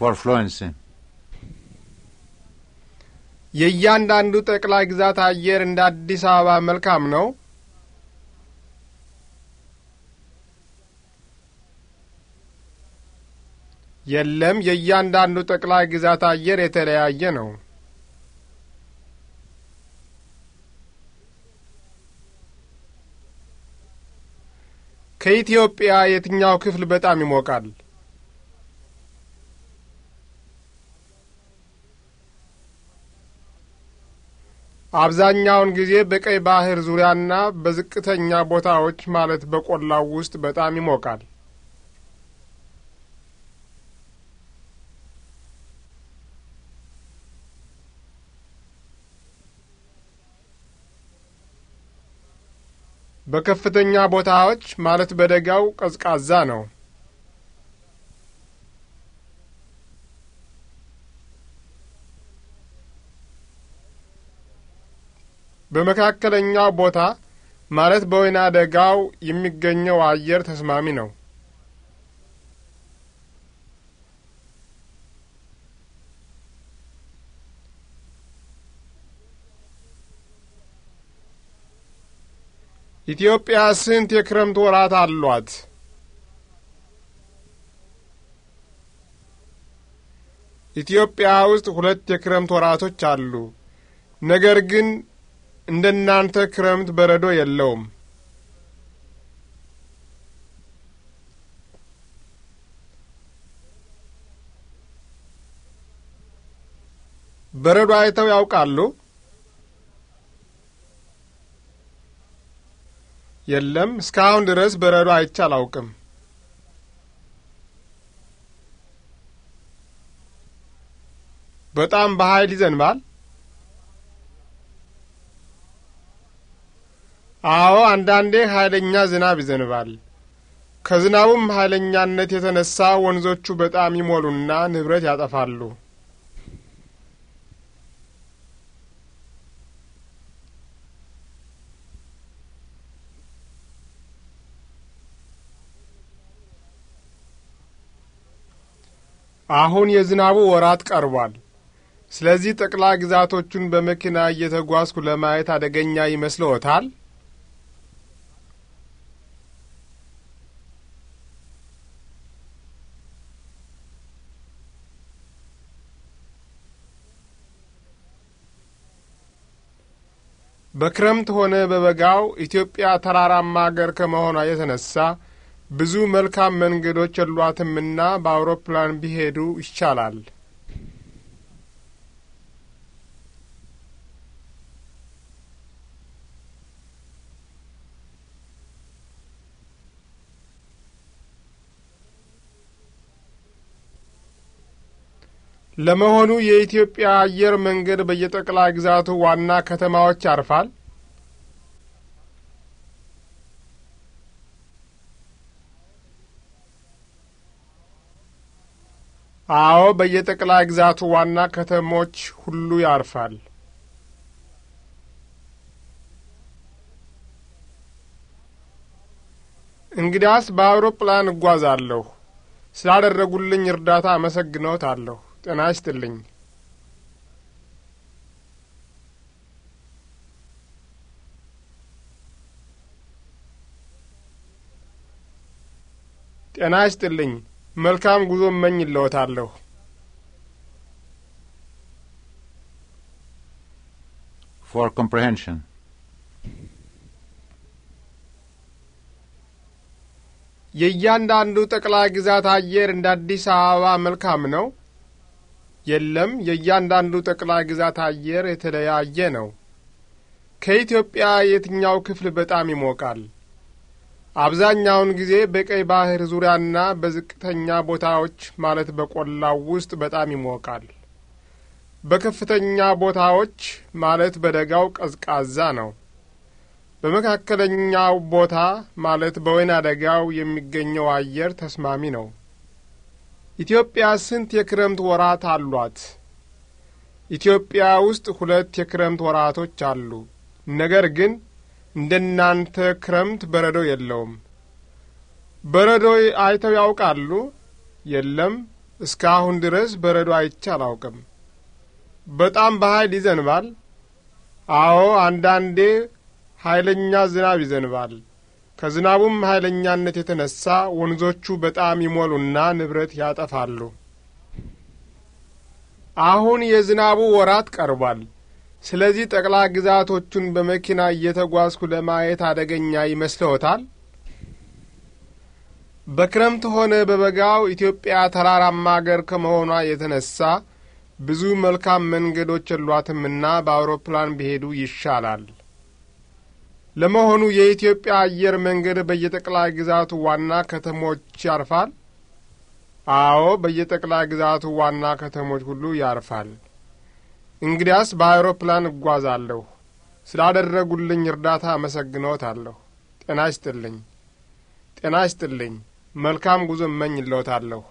ፎር ፍሎንስ የእያንዳንዱ ጠቅላይ ግዛት አየር እንደ አዲስ አበባ መልካም ነው። የለም፣ የእያንዳንዱ ጠቅላይ ግዛት አየር የተለያየ ነው። ከኢትዮጵያ የትኛው ክፍል በጣም ይሞቃል? አብዛኛውን ጊዜ በቀይ ባህር ዙሪያና በዝቅተኛ ቦታዎች ማለት በቆላው ውስጥ በጣም ይሞቃል። በከፍተኛ ቦታዎች ማለት በደጋው ቀዝቃዛ ነው። በመካከለኛው ቦታ ማለት በወይና ደጋው የሚገኘው አየር ተስማሚ ነው። ኢትዮጵያ ስንት የክረምት ወራት አሏት? ኢትዮጵያ ውስጥ ሁለት የክረምት ወራቶች አሉ። ነገር ግን እናንተ ክረምት በረዶ የለውም። በረዶ አይተው ያውቃሉ? የለም፣ እስካሁን ድረስ በረዶ አይቼ አላውቅም። በጣም በኃይል ይዘንባል። አዎ፣ አንዳንዴ ኃይለኛ ዝናብ ይዘንባል። ከዝናቡም ኃይለኛነት የተነሳ ወንዞቹ በጣም ይሞሉና ንብረት ያጠፋሉ። አሁን የዝናቡ ወራት ቀርቧል። ስለዚህ ጠቅላይ ግዛቶቹን በመኪና እየተጓዝኩ ለማየት አደገኛ ይመስልዎታል? በክረምት ሆነ በበጋው ኢትዮጵያ ተራራማ አገር ከመሆኗ የተነሳ ብዙ መልካም መንገዶች የሏትምና በአውሮፕላን ቢሄዱ ይቻላል። ለመሆኑ የኢትዮጵያ አየር መንገድ በየጠቅላይ ግዛቱ ዋና ከተማዎች ያርፋል? አዎ፣ በየጠቅላይ ግዛቱ ዋና ከተሞች ሁሉ ያርፋል። እንግዲያስ በአውሮፕላን እጓዛለሁ። ስላደረጉልኝ እርዳታ አመሰግነዎታለሁ። ጤና ይስጥልኝ። ጤና ይስጥልኝ። መልካም ጉዞ መኝ ለዎታለሁ። for የእያንዳንዱ ጠቅላይ ግዛት አየር እንደ አዲስ አበባ መልካም ነው? የለም። የእያንዳንዱ ጠቅላይ ግዛት አየር የተለያየ ነው። ከኢትዮጵያ የትኛው ክፍል በጣም ይሞቃል? አብዛኛውን ጊዜ በቀይ ባህር ዙሪያና በዝቅተኛ ቦታዎች ማለት በቆላው ውስጥ በጣም ይሞቃል። በከፍተኛ ቦታዎች ማለት በደጋው ቀዝቃዛ ነው። በመካከለኛው ቦታ ማለት በወይና ደጋው የሚገኘው አየር ተስማሚ ነው። ኢትዮጵያ ስንት የክረምት ወራት አሏት? ኢትዮጵያ ውስጥ ሁለት የክረምት ወራቶች አሉ። ነገር ግን እናንተ ክረምት በረዶ የለውም። በረዶ አይተው ያውቃሉ? የለም፣ እስካሁን ድረስ በረዶ አይቼ አላውቅም። በጣም በኃይል ይዘንባል? አዎ፣ አንዳንዴ ኃይለኛ ዝናብ ይዘንባል። ከዝናቡም ኃይለኛነት የተነሳ ወንዞቹ በጣም ይሞሉና ንብረት ያጠፋሉ። አሁን የዝናቡ ወራት ቀርቧል። ስለዚህ ጠቅላ ግዛቶቹን በመኪና እየተጓዝኩ ለማየት አደገኛ ይመስልዎታል? በክረምት ሆነ በበጋው ኢትዮጵያ ተራራማ አገር ከመሆኗ የተነሳ ብዙ መልካም መንገዶች የሏትምና በአውሮፕላን ቢሄዱ ይሻላል። ለመሆኑ የኢትዮጵያ አየር መንገድ በየጠቅላይ ግዛቱ ዋና ከተሞች ያርፋል? አዎ፣ በየጠቅላይ ግዛቱ ዋና ከተሞች ሁሉ ያርፋል። እንግዲያስ በአውሮፕላን እጓዛለሁ። ስላደረጉልኝ እርዳታ አመሰግኖታለሁ። ጤና ይስጥልኝ። ጤና ይስጥልኝ። መልካም ጉዞ እመኝልዎታለሁ።